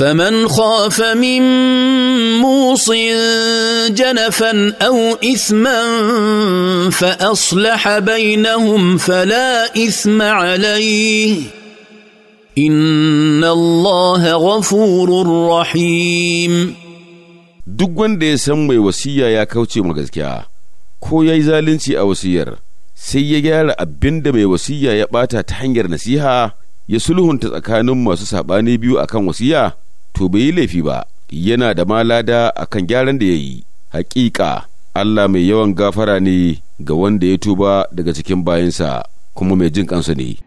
فمن خاف من موص جنفا او اثما فاصلح بينهم فلا اثم عليه ان الله غفور رحيم duk wanda ya san mai wasiya ya kauce mu gaskiya ko ya yi zalunci a wasiyar sai ya gyara abin da mai wasiya ya bata ta hanyar nasiha ya sulhunta tsakanin masu saɓani biyu akan wasiya to bai yi laifi ba yana da malada a kan gyaran da ya yi hakika Allah mai yawan gafara ne ga wanda ya tuba daga cikin bayansa kuma mai jin kansa ne